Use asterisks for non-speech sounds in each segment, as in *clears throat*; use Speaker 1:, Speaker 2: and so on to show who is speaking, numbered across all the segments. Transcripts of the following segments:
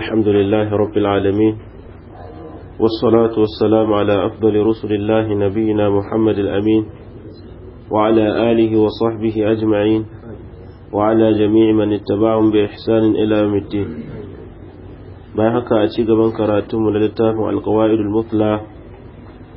Speaker 1: الحمد لله رب العالمين والصلاة والسلام على أفضل رسل الله نبينا محمد الأمين وعلى آله وصحبه أجمعين وعلى جميع من اتبعهم بإحسان إلى يوم الدين ما هكا أتيق من كراتم للتاف القوائد المطلع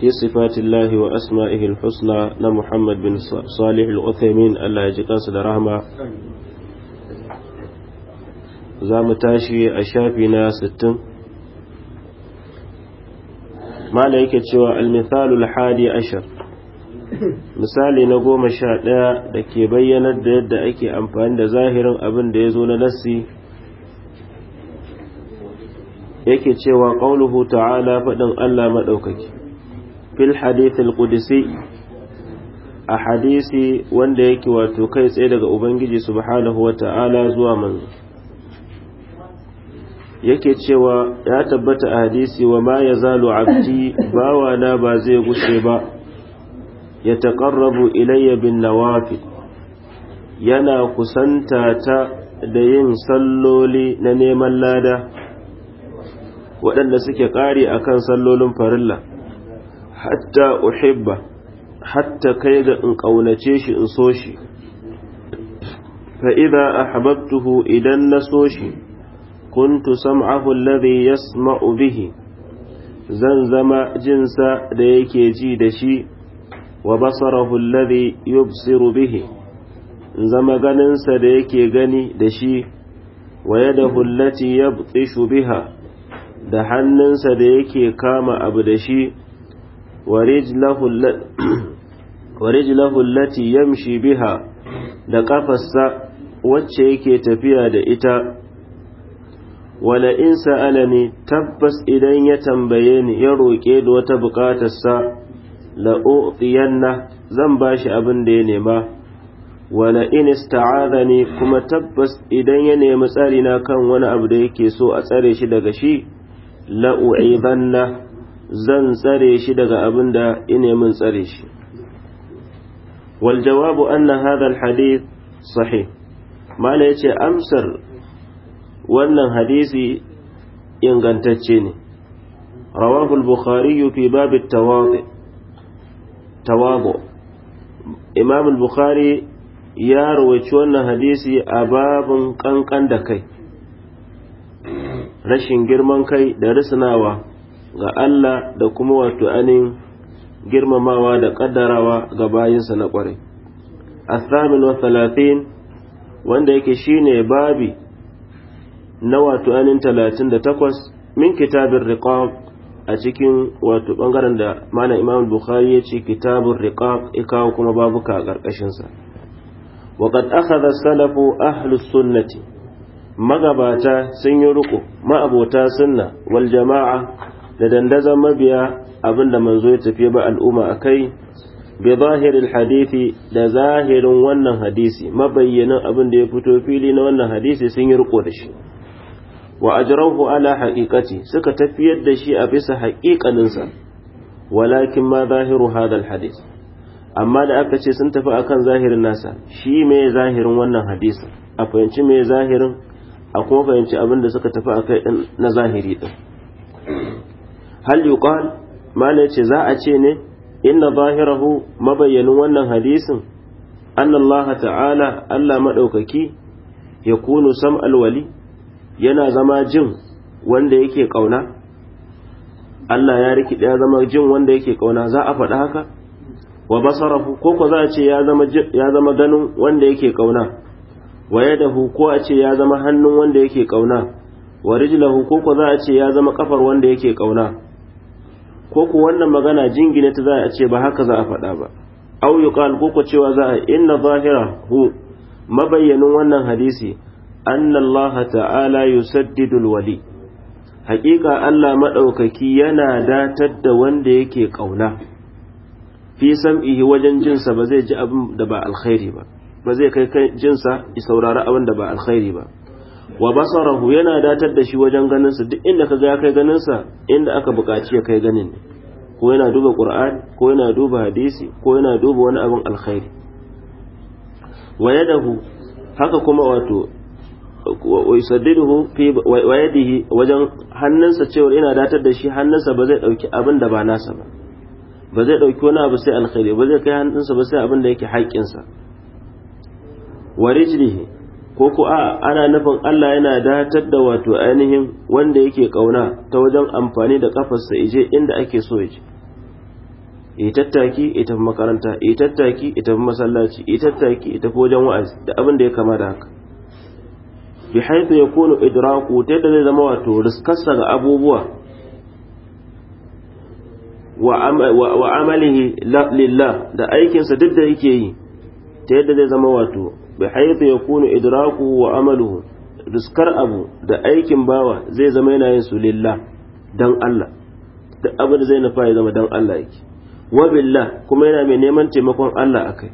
Speaker 1: في صفات الله وأسمائه الحسنى لمحمد بن صالح الأثيمين الله يجقاس رحمه za mu tashi a shafi na sittin mala yake cewa almithalul hadi ashar misali na goma sha ɗaya da ke bayyanar da yadda ake amfani da zahirin abin da ya zo na nassi yake cewa ƙauluhu ta'ala faɗin Allah maɗaukaki fil hadithil qudsi a hadisi wanda yake wato kai tsaye daga ubangiji subhanahu wa ta'ala zuwa manzo yake cewa ya tabbata a hadisi wa ma ya zalu abdi bawana ba zai gushe ba ya taƙarrabu ilayya bin nawafi yana kusanta ta da yin salloli na neman lada waɗanda suke ƙari a kan sallolin farilla hatta uhibba hatta kai ga in ƙaunace shi in so shi Fa'ida a idan na so shi kuntu sam'ahu alladhi yasma'u bihi zan zama jinsa da yake ji da shi wa basarahu alladhi yubsiru bihi zama ganinsa da yake gani da shi wa yadahu allati yabtishu biha da hannunsa da yake kama abu da shi wa rijlahu *clears throat* allati yamshi biha da ƙafarsa wacce yake tafiya da ita wala in sa'alani tabbas idan ya tambaye ni ya roƙe da wata buƙatarsa la'u'tiyanna zan ba shi abin da ya nema wala in ista'adani kuma tabbas idan ya nemi tsari na kan wani abu da yake so a tsare shi daga shi la'u'idanna zan tsare shi daga abin da ya nemi tsare shi wal jawabu anna hadha al hadith sahih mala yace amsar wannan hadisi ingantacce ne rawahu al-bukhari fi bab at-tawadu tawadu imam al-bukhari ya rawaci wannan hadisi a babin kankan da kai rashin girman kai da risnawa ga Allah da kuma wato anin girmamawa da kaddarawa ga bayinsa na kwarai. Asamin wa wanda yake shine babi na wato ainihin talatin da takwas min kitabin riqaq a cikin wato bangaren da mana imam bukhari ya ce kitabin riqaq ya kawo kuma babuka a ƙarƙashinsa waƙad akhadha salafu ahlus sunnati magabata sun yi riko ma'abota sunna wal jama'a da dandazon mabiya abinda manzo ya tafi ba al'umma a kai, bi zahiril hadisi da zahirin wannan hadisi mabayyanin abin da ya fito fili na wannan hadisi sun yi ruku da shi wa ajrahu ala haqiqati suka tafiyar da shi a bisa haƙiƙaninsa walakin ma zahiru hadal hadis amma da aka ce sun tafi akan zahirin nasa shi me zahirin wannan hadisi a fahimci me zahirin a kuma fahimci abin da suka tafi akai din na zahiri din hal yuqal mala yace za a ce ne inna zahirahu mabayyanin wannan hadisin anna Allah ta'ala Allah madaukaki yakunu sam'al wali yana zama jin wanda yake kauna Allah ya rikide ya zama jin wanda yake kauna za a faɗa haka wa basarahu ko ko za a ce ya zama ganin wanda yake kauna wa yadahu ko a ce ya zama hannun wanda yake kauna wa rijlahu ko ko za a ce ya zama kafar wanda yake kauna ko ko wannan magana jingine ta za a ce ba haka za a faɗa ba au yuqal ko ko cewa za a inna zahira hu mabayyanin wannan hadisi anna Allah ta'ala yusaddidul wali haƙiƙa Allah maɗaukaki yana datar da wanda yake ƙauna fi sam'ihi wajen jinsa ba zai ji abin da ba alkhairi ba ba zai kai jinsa ya saurari abin da ba alkhairi ba wa basarahu yana datar da shi wajen ganinsa duk inda ka ga kai ganinsa inda aka buƙaci ya kai ganin ko yana duba qur'an ko yana duba hadisi ko yana duba wani abin alkhairi wa dahu haka kuma wato yusaddiduhu fi wa yadihi wajen hannunsa cewa ina datar da shi hannunsa ba zai dauki abin da ba nasa ba ba zai dauki wani abu sai alkhairi ba zai kai hannunsa ba sai abin da yake haƙƙinsa wa rijlihi ko ko a ana nufin Allah yana datar da wato ainihin wanda yake kauna ta wajen amfani da kafarsa ije inda ake so yaje yi tattaki ita makaranta yi tattaki ita masallaci yi tattaki ita wajen wa'azi da abin da ya kama da haka bi haifu ya kone idraku ta yadda zai zama wato riskarsa ga abubuwa wa amalihi lillah da aikinsa duk da yake yi ta yadda zai zama wato bi haifu ya kone idraku wa amalu riskar abu da aikin bawa zai zama yana yin su lillah dan Allah duk abu da zai nufa ya zama dan Allah yake wa billah kuma yana mai neman taimakon Allah akai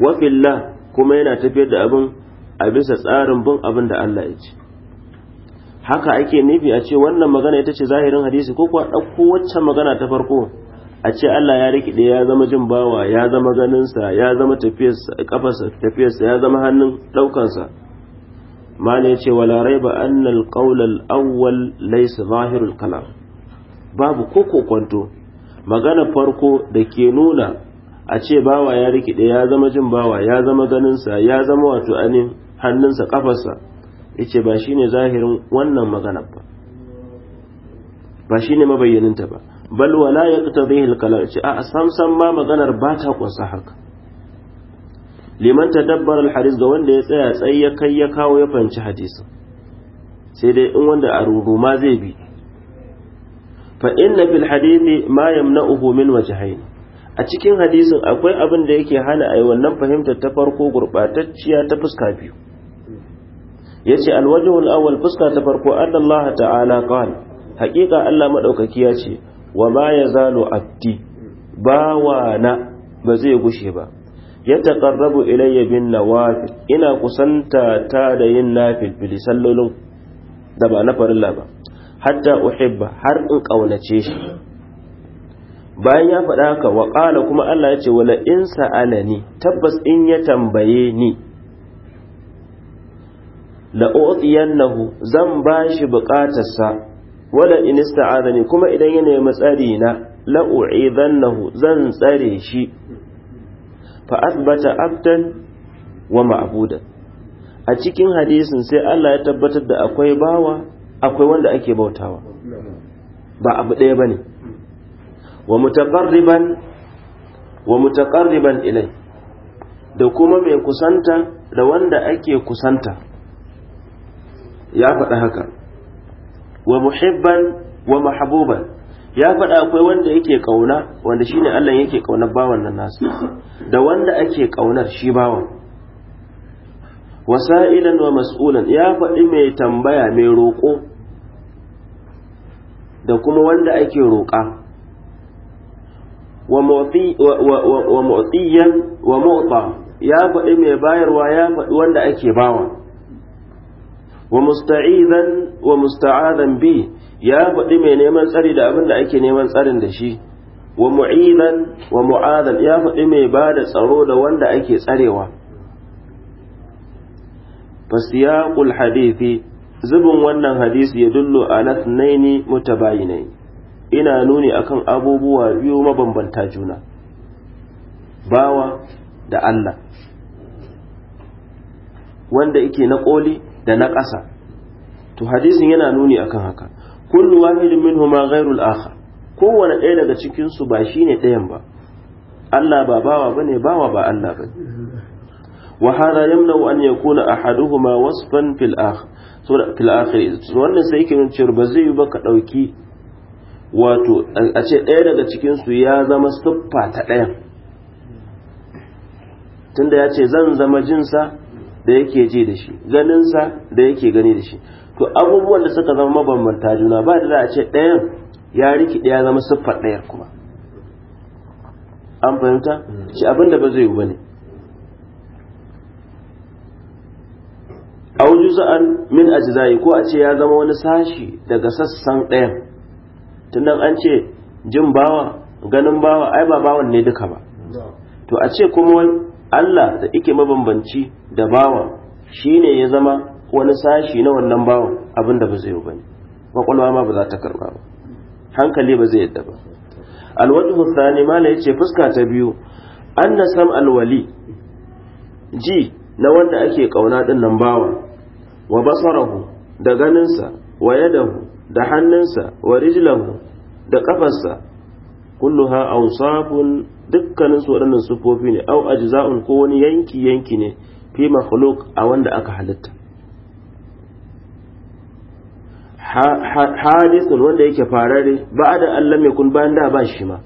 Speaker 1: wa billah kuma yana tafiyar da abin a bisa tsarin bin abin da Allah ya ce haka ake nufi a ce wannan magana ita ce zahirin hadisi ko kuwa ɗauko waccan magana ta farko a ce Allah ya rikide ya zama jin bawa ya zama ganinsa ya zama kafarsa tafiyarsa ya zama hannun ɗaukansa mala ya ce wala ba annal qawlal awwal laysa zahirul kalam babu ko kokonto magana farko da ke nuna a ce bawa ya rikide ya zama jin bawa ya zama ganinsa ya zama wato anin hannunsa kafarsa yace ba shine zahirin wannan magana ba ba shine mabayyaninta ba bal wala yaqtadhihi al-kalam ce a samsan ma maganar ba ta kunsa haka liman tadabbara al-hadith ga wanda ya tsaya tsaye ya kai ya kawo ya fahimci hadisin sai dai in wanda a ruruma zai bi fa inna fil hadithi ma yamna'uhu min wajhayn a cikin hadisin akwai abin da yake hana ai wannan fahimtar ta farko gurbatacciya ta fuska biyu yace alwajhul awwal fuska ta farko annallaha ta'ala qala haƙiƙa Allah madaukaki ya ce wa ma yazalu abdi ba na ba zai gushe ba ya taqarrabu ilayya bin nawafil ina kusanta ta da yin nafil fil sallolin da ba na farilla ba hatta uhibba har in ƙaunace shi bayan ya faɗa haka wa ƙala kuma Allah ya ce wala in sa'alani tabbas in ya tambaye ni utiyannahu zan bashi buƙatarsa wala in ista'adani kuma idan ya nemi tsari na u'idannahu zan tsare shi fa athbata abdan wa ma'buda a cikin hadisin sai Allah ya tabbatar da akwai bawa akwai wanda ake bautawa ba abu ɗaya bane wa mutaqarriban wa mutaqarriban ilai da kuma mai kusanta da wanda ake kusanta ya faɗa haka wa muhibban wa mahabuban ya faɗa akwai wanda yake ƙauna wanda shi ne Allah yake kauna bawan nan nasu da wanda ake ƙaunar shi bawan wasa'ilan wa mas'ulan ya faɗi mai tambaya mai roƙo da kuma wanda ake roƙa wa mu'tiyan wa mu'ta ya faɗi mai bayarwa ya faɗi wanda ake bawa wa musta'izan wa musta'adan bi ya faɗi mai neman tsari da abin da ake neman tsarin da shi wa mu'izan wa mu'adan ya faɗi mai ba da tsaro da wanda ake tsarewa fasiyaqul hadithi zubin wannan hadisi ya dullo ala thnaini mutabayinai ina nuni akan abubuwa biyu mabambanta juna bawa da Allah wanda yake na koli da na ƙasa to hadisin yana nuni akan haka kullu wahidin minhuma ghairul akhar kowane ɗaya daga cikin su ba shine ɗayan ba Allah ba bawa bane bawa ba Allah bane wa hada yamna'u an yakuna ahaduhuma wasfan fil akhar so fil akhir wannan sai yake nuna cewa ba zai yi ba ka dauki wato a ce ɗaya daga cikin su ya zama siffa ta ɗayan tunda ya ce zan zama jinsa da yake ji da shi ganinsa da yake gani da shi to abubuwan da suka zama mabambanta juna ba da za a ce ɗayan ya riki ɗaya zama siffar ɗayar kuma an fahimta hmm. shi abin ba zai yi bane au juz'an min ajizayi ko a ce ya zama wani sashi daga sassan ɗayan tunan an ce jin bawa ganin bawa ai ba bawan ne duka ba hmm. to a ce kuma Allah da ike mabambanci da bawa ne ya zama wani sashi na wannan bawan abin da ba zai yi ba ne, kwakwalwa ma ba za ta karba ba hankali ba zai yadda ba alwajhu thani ya ce fuska ta biyu anna sam alwali ji na wanda ake kauna din nan bawa wa basarahu da ganinsa wa yadahu da hannunsa wa rijlahu da kafarsa kulluha awsafun dukkanin su waɗannan sufofi ne au ajza'un ko wani yanki yanki ne fi makhluq a wanda aka halitta hadisun wanda yake farare ba da Allah mai kun bayan da ba shi ma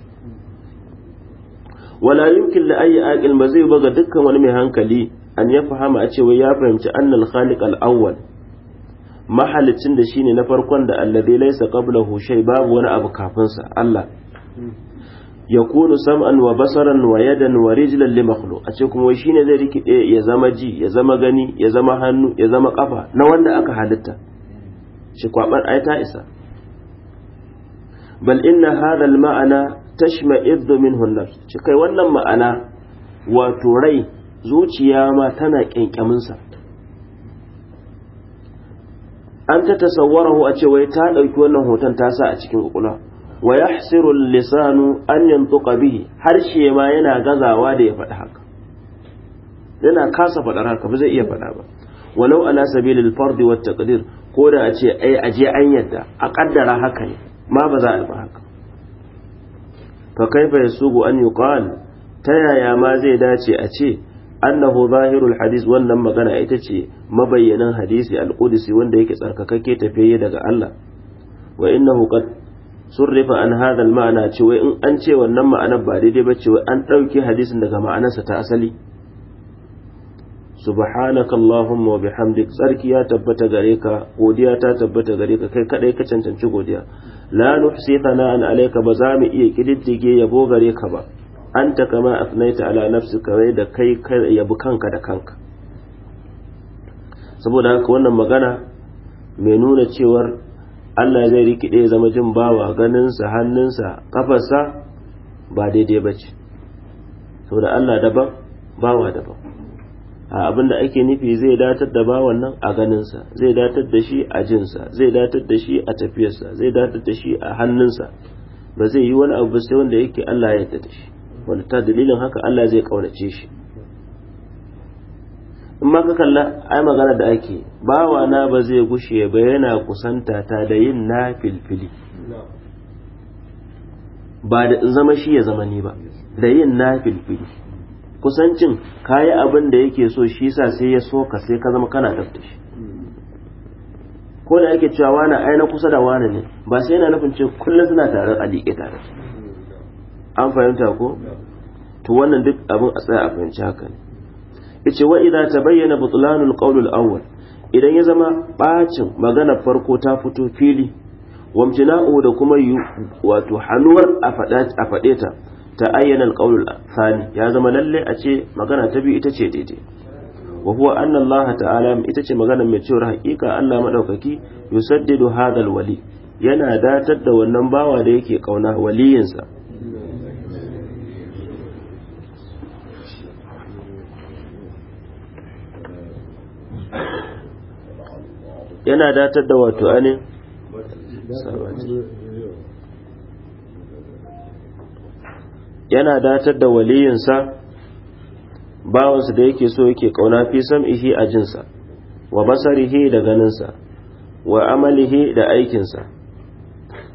Speaker 1: wala yumkin la ayi aqil ba zai baga dukkan wani mai hankali an ya fahama a cewa ya fahimci annal khaliq al awwal mahalicin da shine na farkon da alladhi laysa qablahu shay babu wani abu kafin sa Allah yakunu sam'an wa basaran wa yadan wa rijlan li makhluq a ce kuma shine zai rikide eh, ya zama ji ya zama gani ya zama hannu ya zama kafa na wanda aka halitta shi kwabar ai ta isa bal inna hadha al ma'ana tashma'iddu minhu an-nafs shi kai wannan ma'ana wato rai zuciya ma tana kyankyamin sa an ta tasawwarahu a ce wai ta dauki wannan hoton ta sa a cikin kwakwalwa wa yahsiru lisanu an yantuqa bihi harshe ma yana gazawa da ya faɗi haka yana kasa faɗar haka ba zai iya faɗa ba walau ala sabilil fard wa taqdir ko da a ce ai aje an yadda a kaddara haka ne ma ba za a ba haka fa kaifa yasugu an yuqal ta yaya ma zai dace a ce annahu zahirul hadis wannan magana ita ce mabayyanan hadisi alƙudisi wanda yake tsarkakakke tafiye daga Allah wa innahu qad sun rufe an hadal ma'ana ce wai in an ce wannan ma'anar ba daidai ba ce wai an ɗauki hadisin daga ma'anarsa ta asali subhanaka allahumma wa bihamdik tsarki ya tabbata gare ka godiya ta tabbata gare ka kai kadai ka cancanci godiya la nuhsi thana'an alayka ba za mu iya kididdige yabo gare ka ba anta kama afnaita ala nafsika wai da kai yabi kanka da kanka saboda haka wannan magana mai nuna cewar Allah zai rikide ya zama jin bawa ganinsa hannunsa kafarsa ba daidai ba ce saboda Allah daban bawa daban a abin da ake nufi zai datar da bawan nan a ganinsa zai datar da shi a jinsa zai datar da shi a tafiyarsa zai datar da shi a hannunsa ba zai yi wani abu sai wanda yake Allah ya yarda da shi wanda ta dalilin haka Allah zai ƙaunace shi in ma ka kalla ai magana da ake bawa na ba zai gushe ba yana kusanta ta da yin na filfili ba da zama shi ya zama ni ba da yin na filfili kusancin kayi abin da yake so shi sa sai ya so ka sai ka zama kana tafta shi ko da ake cewa wani ai na kusa da wani ne ba sai yana nufin ce kullum suna tare a liƙe tare an fahimta ko to wannan duk abin a tsaya a fahimci haka ne yace wa idza tabayyana butlanul qawl awwal idan ya zama bacin magana farko ta fito fili mtina'u da kuma wato hanuwar a fade ta ta ayyana alqawl thani ya zama lalle a ce magana ta biyu ita ce daidai wa huwa anna Allah ta'ala ita ce magana mai cewa hakika Allah madaukaki yusaddidu hadal wali yana datar da wannan bawa da yake kauna waliyinsa yana datar da wato anin yana datar da waliyinsa bawansa da yake so yake kauna fi sam'ihi a jinsa wa basarihi da ganinsa wa amalihi da aikinsa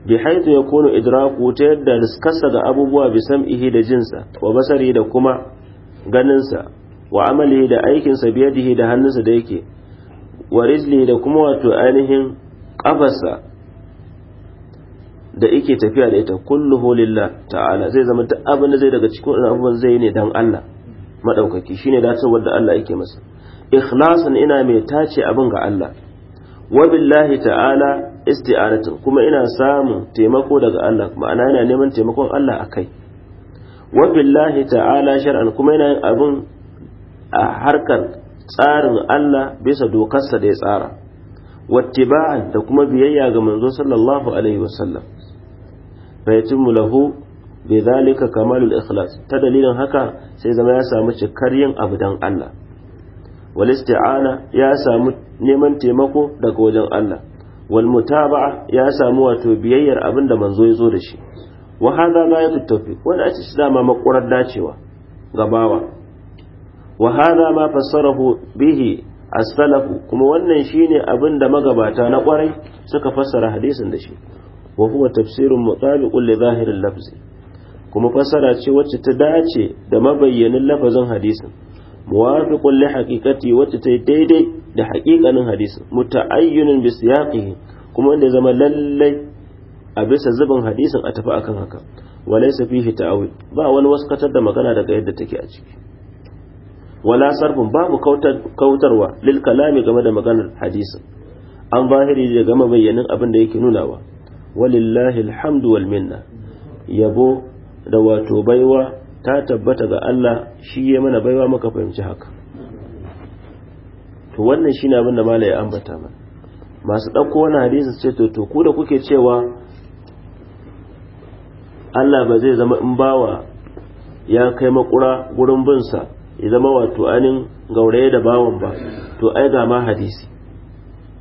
Speaker 1: bi haitu ya kono idraku ta yadda riskarsa ga abubuwa bi sam'ihi da jinsa wa basari da kuma ganinsa wa amalihi da aikinsa biyadihi da hannunsa da yake wa rijli da kuma wato ainihin kafarsa da yake tafiya da ita kulluhu lillah ta'ala zai zama duk abin da zai daga cikin wannan abubuwan zai ne dan Allah madaukaki shine da saboda Allah yake masa ikhlasan ina mai tace abin ga Allah wa billahi ta'ala isti'anatu kuma ina samun taimako daga Allah ma'ana ina neman taimakon Allah akai wa billahi ta'ala shar'an kuma ina yin abin a harkar tsarin Allah bisa dokarsa da ya tsara wattiba'an da kuma biyayya ga manzo sallallahu alaihi wasallam fa Mulahu, lahu zalika kamalul ikhlas ta dalilin haka sai zama ya samu cikar yin abu dan Allah wal isti'ana ya samu neman taimako daga wajen Allah wal mutaba'a ya samu wato biyayyar abin da manzo ya zo da shi wa hadha ghayatul tawfiq wanda a shi dama makurar dacewa gabawa wa hadha ma fassarahu bihi as-salafu kuma wannan shine abin da magabata na kwarai suka fassara hadisin da shi wa huwa tafsirun mutabiqun li zahirin lafzi kuma fassara ce wacce ta dace da mabayyanin lafazin hadisin muwafiqun li haqiqati wacce ta daidai da haƙiƙanin hadisin muta'ayyinun bi siyaqihi kuma wanda zama lallai a bisa zubin hadisin a tafi akan haka walaysa fihi ta'awil ba wani waskatar da magana daga yadda take a ciki wala sarfin babu kautarwa lil kalami game da maganar hadisin an bahiri da gama bayyanin abin da yake nunawa walillahi alhamdu wal minna yabo da wato baiwa ta tabbata ga Allah shi ya mana baiwa muka fahimci haka to wannan shine abin da malai ambata mana masu ɗauko wani hadisi ce to to ku da kuke cewa Allah ba zai zama in bawa ya kai makura gurin binsa ya zama wato anin gauraye da bawan ba to ai ga ma hadisi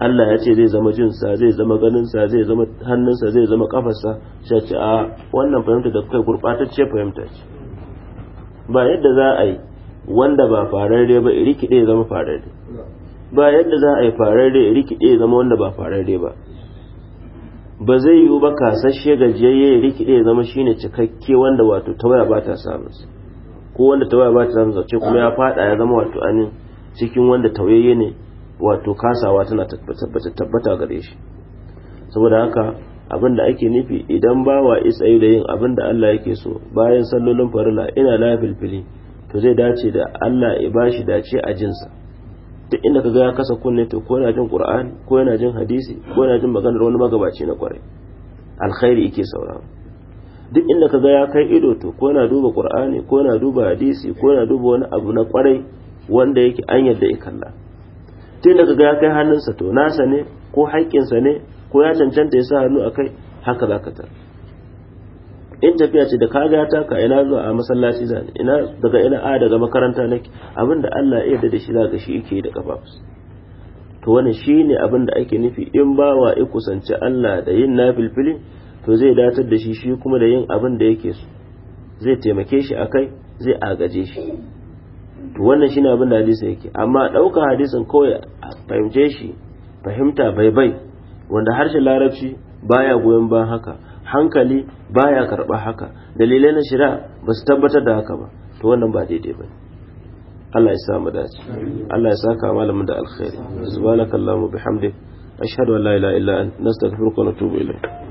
Speaker 1: Allah ya ce zai zama jinsa zai zama ganinsa zai zama hannunsa zai zama kafarsa sai ce a wannan fahimta da kai gurbatacce fahimta ce ba yadda za a yi wanda ba fararre ba irikide ya zama fararre ba yadda za a yi fararre irikide ya zama wanda ba fararre ba ba zai yiwu ba kasashe gajiyayye ya rikide ya zama shine cikakke wanda wato tawaya ba ta samunsa ko wanda tawaya ba ta zauce kuma ya fada ya zama wato anin cikin wanda tauyayye ne wato kasawa tana tabbata tabbata gare shi saboda haka abin da ake nufi idan ba wa isai da yin abin da Allah yake so bayan sallolin farila ina la filfili to zai dace da Allah ya bashi dace a jinsa duk inda kaga ya kasa kunne to ko yana jin Qur'ani ko yana jin hadisi ko yana jin maganar wani magabaci na kwarai alkhairi yake sauraro duk inda ka ga ya kai ido to ko yana duba qur'ani ko yana duba hadisi ko yana duba wani abu na kwarai wanda yake an yadda ya kalla tun da ga ya kai hannunsa to nasa ne ko haƙƙinsa ne ko ya cancanta ya sa hannu a kai haka za ka tar in tafiya ce da ka ga ta ka ina zuwa a masallaci za ina daga ina a daga makaranta nake abin da Allah ya yarda da shi za ga shi yake da kafafus to wannan shine abin da ake nufi in bawa ya kusanci Allah da yin nafilfili to zai datar da shi shi kuma da yin abin da yake so zai taimake shi akai zai agaje shi to wannan shine abin da hadisi yake amma ɗaukar hadisin kawai a fahimce shi fahimta bai bai wanda harshe larabci baya goyon ba haka hankali baya karɓa haka dalilai na shira ba su tabbatar da haka ba to wannan ba daidai ba Allah ya samu dace Allah ya saka malamin da alkhairi subhanakallahumma bihamdik ashhadu an la ilaha illa anta nastaghfiruka wa natubu ilayk